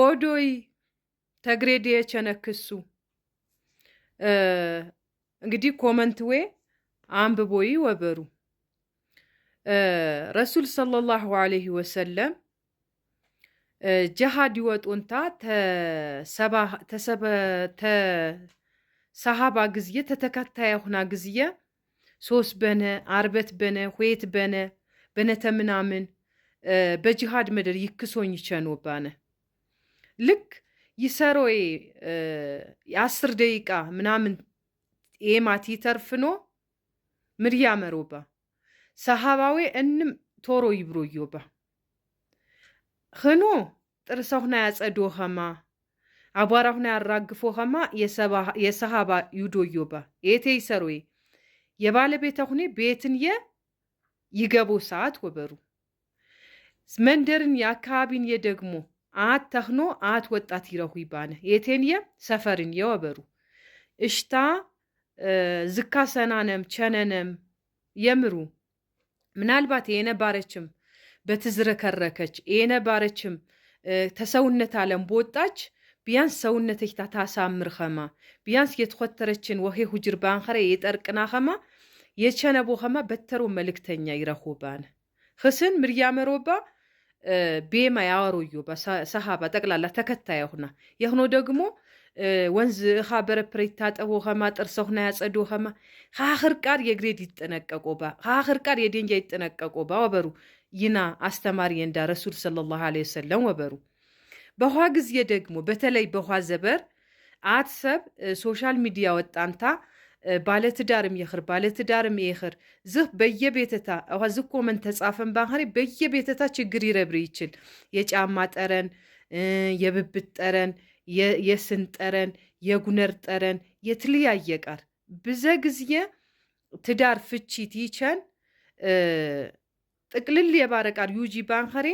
ኦዶይ ተግሬድ የቸነክሱ እንግዲህ ኮመንትዌ አንብቦይ ወበሩ ረሱል ሰለላሁ ዐለይሂ ወሰለም ጀሃድ ይወጡንታ ተሰሃባ ግዝየ ተተከታይ ሁና ግዝየ ሶስት በነ አርበት በነ ሁየት በነ በነተ ምናምን በጅሃድ መደር ይክሶኝ ይቸኖባነ ልክ ይሰሮ የአስር ደቂቃ ምናምን ኤማት ይተርፍኖ ምድያ መሮባ ሰሃባዊ እንም ቶሮ ይብሮ ዮባ ህኖ ጥርሰሁና ያጸዶ ኸማ አቧራሁና ያራግፎ ኸማ የሰሃባ ዩዶ ዮባ ኤቴ ይሰሮዬ የባለቤታ ሁኔ ቤትን የ ይገቦ ሰዓት ወበሩ መንደርን የአካባቢን የደግሞ አት ተኽኖ አት ወጣት ይረኹ ይባነ የቴንየ ሰፈርን የወበሩ እሽታ ዝካ ሰናነም ቸነነም የምሩ ምናልባት የነባረችም በትዝረከረከች የነባረችም ተሰውነት አለም በወጣች ቢያንስ ሰውነተች ታሳምር ኸማ ቢያንስ የተኮተረችን ወሄ ሁጅር ባንኸረ የጠርቅና ኸማ የቸነቦ ኸማ በተሮ መልእክተኛ ይረኹ ባነ ክስን ምርያመሮባ ቤማ ያወሩዩ ሰሃባ በጠቅላላ ተከታይ ሁና የሆኖ ደግሞ ወንዝ እኻ በረፕሬታ ጠቦ ኸማ ጥርሰውና ያጸዶ ኸማ ከአኽር ቃር የግሬድ ይጠነቀቆ ይጠነቀቆባ ከአኽር ቃር ይጠነቀቆ ባ ወበሩ ይና አስተማሪ እንዳ ረሱል ሰለላሁ ዐለይሂ ወሰለም ወበሩ በኋ ጊዜ ደግሞ በተለይ በኋ ዘበር አት ሰብ ሶሻል ሚዲያ ወጣንታ ባለትዳርም የኽር ባለትዳርም የኽር ዝህ በየቤተታ አዋ ዝኮ መን ተጻፈን ባህሪ በየቤተታ ችግር ይረብር ይችል የጫማ ጠረን፣ የብብት ጠረን፣ የስን ጠረን፣ የጉነር ጠረን የትለያየ ቃር ብዘ ጊዜ ትዳር ፍቺት ይቸን ጥቅልል የባረ ቃር ዩጂ ባንኸሬ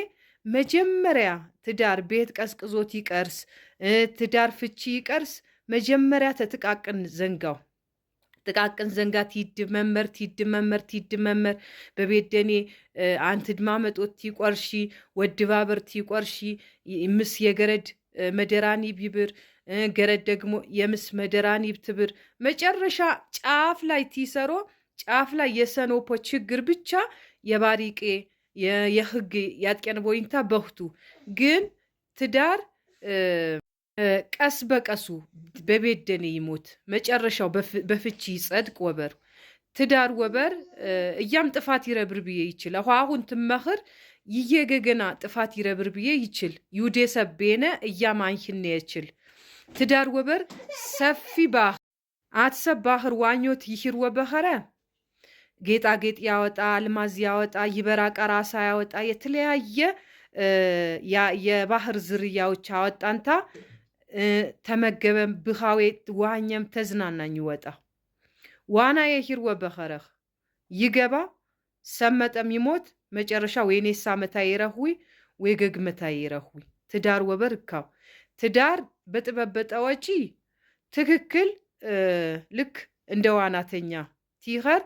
መጀመሪያ ትዳር ቤት ቀስቅዞት ይቀርስ ትዳር ፍቺ ይቀርስ መጀመሪያ ተጥቃቅን ዘንጋው ጥቃቅን ዘንጋ ቲድ መመር ቲድ መመር ቲድ መመር በቤት ደኔ አንት ድማ መጦት ቲቆርሺ ወድ ወድባበር ቲቆርሺ ምስ የገረድ መደራኒ ቢብር ገረድ ደግሞ የምስ መደራኒ ይብትብር መጨረሻ ጫፍ ላይ ቲሰሮ ጫፍ ላይ የሰኖፖ ችግር ብቻ የባሪቄ የህግ ያጥቀን ቦይንታ በህቱ ግን ትዳር ቀስ በቀሱ በቤት ደኔ ይሞት መጨረሻው በፍቺ ይጸድቅ ወበር ትዳር ወበር እያም ጥፋት ይረብር ብዬ ይችል አሁን ትመኽር ይየገገና ጥፋት ይረብር ብዬ ይችል ዩዴሰብ ቤነ እያም አንሽነ የችል ትዳር ወበር ሰፊ ባህር አትሰብ ባህር ዋኞት ይሂር ወበኸረ ጌጣጌጥ ያወጣ አልማዝ ያወጣ ይበራ ቀራሳ ያወጣ የተለያየ የባህር ዝርያዎች አወጣንታ ተመገበም ብኻዌ ዋኛም ተዝናናኝ ይወጣ ዋና የሂር ወበኸረኽ ይገባ ሰመጠም ይሞት መጨረሻ ወይኔሳ መታ ይረኽዊ ወገግ መታ ይረኽዊ ትዳር ወበርካው ትዳር በጥበበጠ ወጪ ትክክል ልክ እንደ ዋናተኛ ቲኸር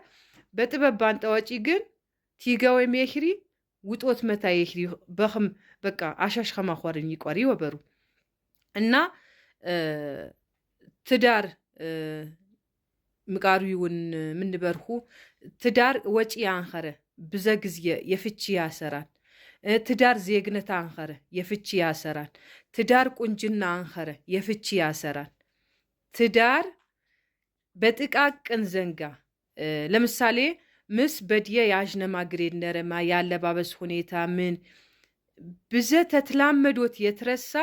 በጥበብ ባንጠ ወጪ ግን ቲገወም ወይም የሂሪ ውጦት መታ የሂሪ በኽም በቃ አሻሽ ከማኳርን ይቋሪ ወበሩ እና ትዳር ምቃሪውን ምንበርሁ ትዳር ወጪ አንኸረ ብዘ ጊዜ የፍቺ ያሰራን ትዳር ዜግነት አንኸረ የፍቺ ያሰራን ትዳር ቁንጅና አንኸረ የፍቺ ያሰራን ትዳር በጥቃቅን ዘንጋ ለምሳሌ ምስ በድየ ያዥነማ ግሬድ ነረማ ያለባበስ ሁኔታ ምን ብዘ ተትላመዶት የትረሳ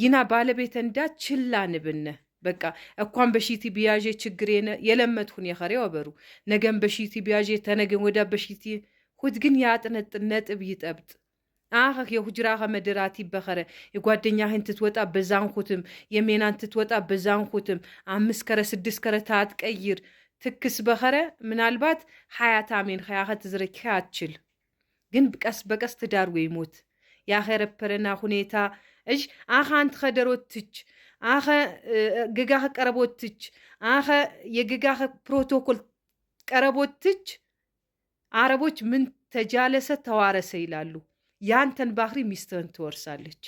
ይና ባለቤት እንዳ ችላ ንብነ በቃ እኳን በሺቲ ቢያዤ ችግር የለመትሁን የኸሬ ወበሩ ነገን በሺቲ ቢያዤ ተነገን ወዳ በሺቲ ሁት ግን ያጥነጥን ነጥብ ይጠብጥ አኸ የሁጅራ ከመድራት ይበኸረ የጓደኛህን ትትወጣ በዛንኩትም የሜናን ትትወጣ በዛንኩትም አምስት ከረ ስድስት ከረ ታትቀይር ትክስ በኸረ ምናልባት ሀያት አሜን ከያኸ ትዝረኪ አትችል ግን ቀስ በቀስ ትዳር ወይ ሞት ያኸረፐረና ሁኔታ እሺ አኸ አንትኸደሮትች አኸ ግጋኸ ቀረቦትች አኸ የግጋኸ ፕሮቶኮል ቀረቦትች አረቦች ምን ተጃለሰ ተዋረሰ ይላሉ። ያንተን ባህሪ ሚስትህን ትወርሳለች።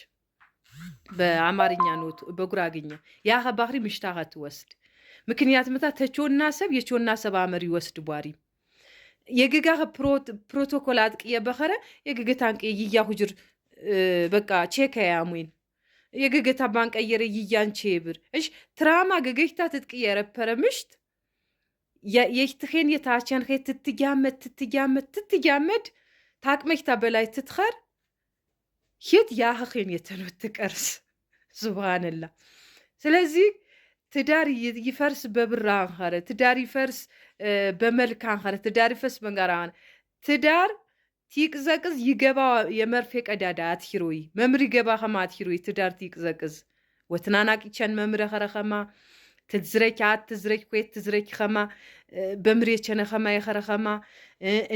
በአማርኛ ኖቱ በጉራግኛ ያኸ ባህሪ ምሽታኸ ትወስድ ምክንያት ምታ ተቾና ሰብ የቾና ሰብ አመር ይወስድ ቧሪ የግጋኸ ፕሮቶኮል አጥቅየ በኸረ የግግታንቅ የግያ ሁጅር በቃ ቼከ ያሙን የገገታ ባንቀየረ ይያን ቼብር እሽ ትራማ ገገይታ ትትቅየረ ፐረምሽት የይትኸን የታቸን ኸ ትትያመድ ትትያመድ ትትያመድ ታቅመይታ በላይ ትትኸር ሂት ያኸኸን የተኖት ትቀርስ ሱብሃንላ ስለዚህ ትዳር ይፈርስ በብራ አንኸረ ትዳር ይፈርስ በመልክ አንኸረ ትዳር ይፈርስ በንጋራ ትዳር ቲቅዘቅዝ ይገባ የመርፌ ቀዳዳ አትሂሮይ መምሪ ገባ ኸማ አትሂሮይ ትዳር ቲቅዘቅዝ ወትናናቂቸን መምረ ኸረኸማ ትዝረኪ አት ትዝረኪ ኮት ትዝረኪ ኸማ በምሪ ቸነ ኸማ የኸረኸማ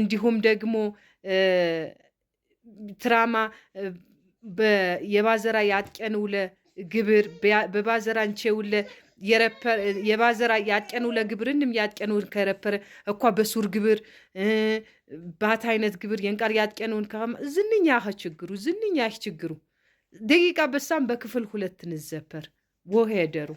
እንዲሁም ደግሞ ትራማ የባዘራ ያጥቀን ውለ ግብር በባዘራ እንቼ ውለ የባዘራ ያጥቀኑ ለግብርንም ያጥቀኑ ከረፐረ እኳ በሱር ግብር ባት አይነት ግብር የንቃር ያጥቀኑን ከማ ዝንኛ ኸ ችግሩ ዝንኛ ችግሩ ደቂቃ በሳም በክፍል ሁለት ንዘፐር ወሄደሩ